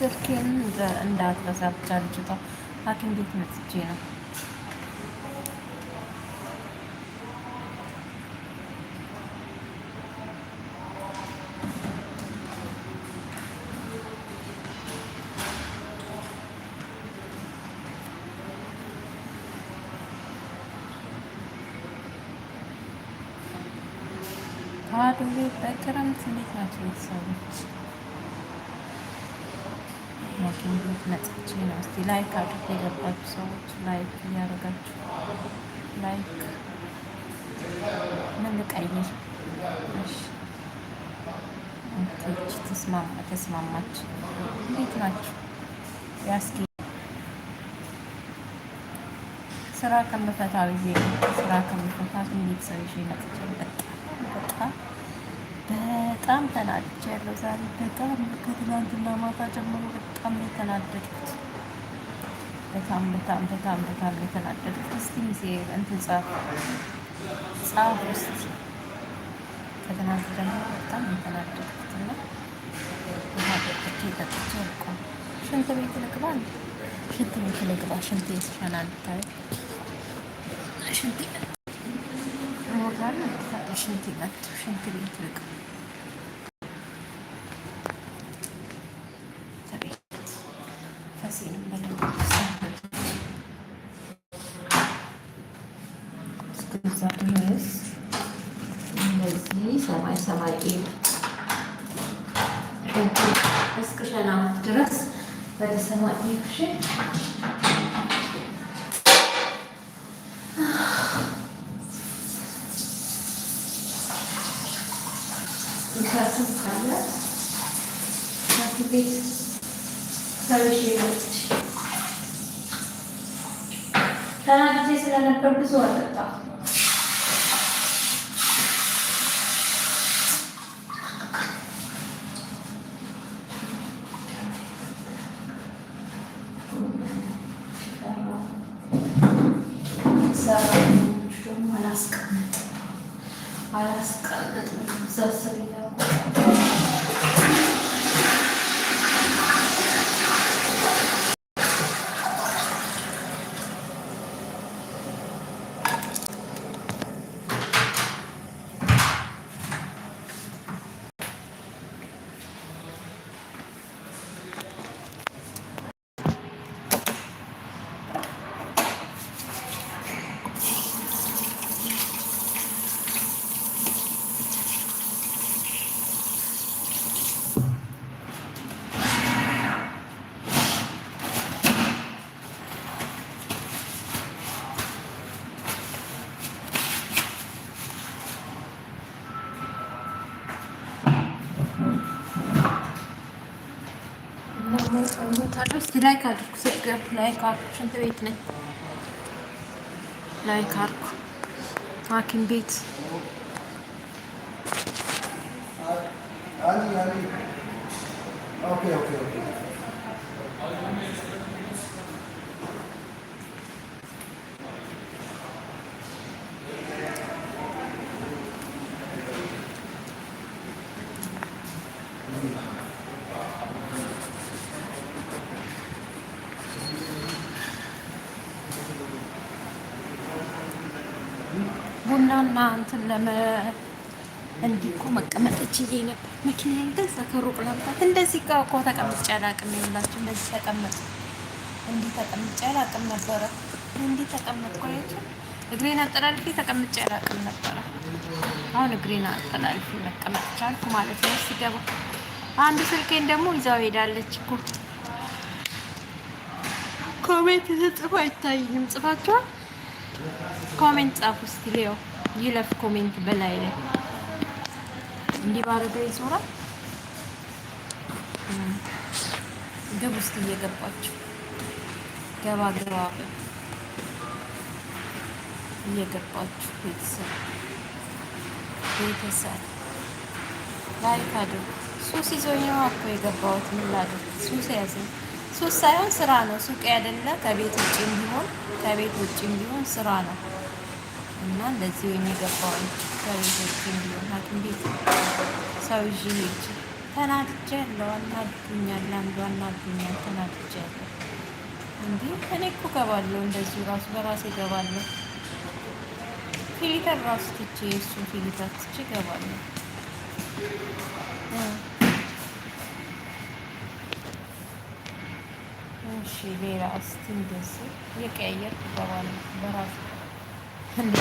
ስልኬን እንዳትረሳ ብቻ ልጅቷ ሐኪም ቤት መጥቼ ነው ታድሬ በክረምት እንዴት ናቸው ቤተሰቦች? ሞት እንዴት መጥቼ ነው? እስቲ ላይክ አድርጉ የገባችሁ ሰዎች ላይክ እያደረጋችሁ ላይክ ምን ልቀይር? ተስማማች። እንዴት ናችሁ? ያስኪ ስራ ከምፈታ ብዬ ስራ ከምፈታ እንዴት ሰው ይዤ መጥቼ በጣም በጣም ያለው ዛሬ በጣም ከትናንትና ማታ ጀምሮ በጣም የተናደድኩት በጣም በጣም በጣም በጣም የተናደድኩት። እስቲ ሚዜ እንትን ጻፍ ጻፍ ውስጥ ከትናንት ደግሞ በጣም የተናደድኩት እና ተናደድኩት። የጠጥቼ ልቆ ሽንት ቤት ልግባ፣ ሽንት ቤት ልግባ፣ ሽንት የተሸናንታል ሽንት ይመጡ ሽንት ቤት ልግባ እስከዛ ድረስ እንደዚህ ሰማይ ሰማይ እስክሸናት ድረስ ወደ ሰማይ ካለ ቤት ተናድጄ ስለነበር ብዙ አጠጣሁ። አላስቀምጥም አላስቀምጥም ሰርቪስ ላይ ካድርጉ ስትገቡ ላይ ካርኩ ሽንት ቤት ነኝ። ላይ ካርኩ ሐኪም ቤት ኦኬ ኦኬ ኦኬ ቡና እና እንትን ለመ እንዲህ እኮ መቀመጥ እችዬ ነበር። መኪና እንደዛ ከሩቅ ለምታት እንደዚህ ጋር እኮ ተቀምጬ አላቅም። ይኸውላችሁ እንደዚህ ተቀመጥ እንዲህ ተቀምጬ አላቅም ነበረ። እንዲህ ተቀመጥኩ አያችሁ። እግሬን አጠላልፌ ተቀምጬ አላቅም ነበረ። አሁን እግሬን አጠላልፌ መቀመጥ ቻልኩ ማለት ነው። ሲገባ አንዱ ስልኬን ደግሞ ይዛው ሄዳለች እኮ ኮሜንት ተጽፎ አይታይም። ጽፋችኋል? ኮሜንት ጻፉ እስቲ ሌው ይለፍ ኮሜንት በላይ ላይ እንዲህ ባረገው ይዞራል። ግብ ውስጥ እየገባችሁ ገባ ገባ እየገባችሁ ቤተሰብ ቤተሰብ ላይክ አድርጉ። ሱስ ይዞኝ እኮ የገባሁት ምን ላድርግ? ሱስ ያዘኝ። ሱስ ሳይሆን ስራ ነው። ሱቅ ያደለ ከቤት ውጭም ቢሆን ከቤት ውጭም ቢሆን ስራ ነው። እና ለዚህ የሚገባው በቤቶች እንዲሆን ሐኪም ቤት ሰው ይዤ ሄጄ ተናድጄ ያለው አናዱኛል፣ አንዱ አናዱኛል፣ ተናድጄ ያለው እንዲህ እኔ እኮ ገባለሁ፣ እንደዚሁ ራሱ በራሴ ገባለሁ። ፊሊተር ራሱ ትቼ የእሱን ፊሊተር ትቼ እሺ ሌላ እስቲ እንደዚህ የቀያየር ገባለሁ በራሴ ሌላ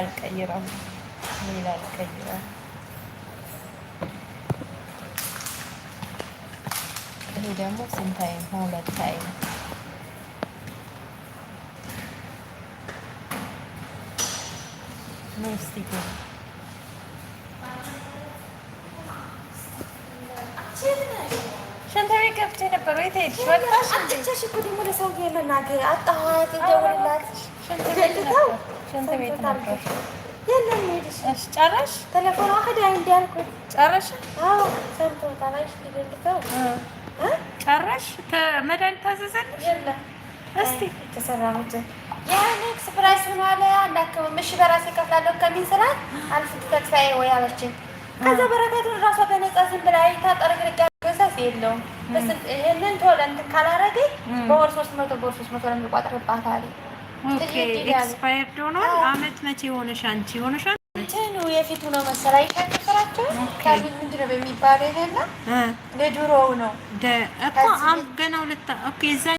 አልቀይረም። ሌላ አልቀይረም። ይሄ ደግሞ ስንት አይም? ሁለት አይም মস্তি করে ሸንተቤ ገብቼ ነበር ወይ ትሄጂ ወጣሽ? አጥቻሽ እኮ ደግሞ ለሰውዬ መናገር አጣኋት። ደውልላት ጨረሽ? ተለፎኗ ሄዳ እንዲህ ጨረሽ? ጨረሽ? መድኃኒት ታዘዘልሽ? የለም እስቲ ተሰራሁት ያን ኤክስፕረስ ምን አለ አላከበም። እሺ በራሴ እከፍላለሁ ከሚል ስላት አልፍት ተክፋዬ ወይ አለችኝ። ከዛ በረከቱን ራሷ በነጻ ዝም ብላ ታጠረግርጋ ገዛዝ የለውም ይህንን ቶሎ እንትን ካላረገኝ በወር ሶስት መቶ በወር ሶስት መቶ ለሚቋጥርባት ኤክስፓየርድ ሆኗል። አመት መቼ ሆነሽ አንቺ ሆነሻል? እንትኑ የፊቱ ነው መሰላ ይሻቸውራቸው ካሉ ምንድን ነው በሚባለው ይሄና ለድሮው ነው እኮ ገና ሁለት ኦኬ እዛ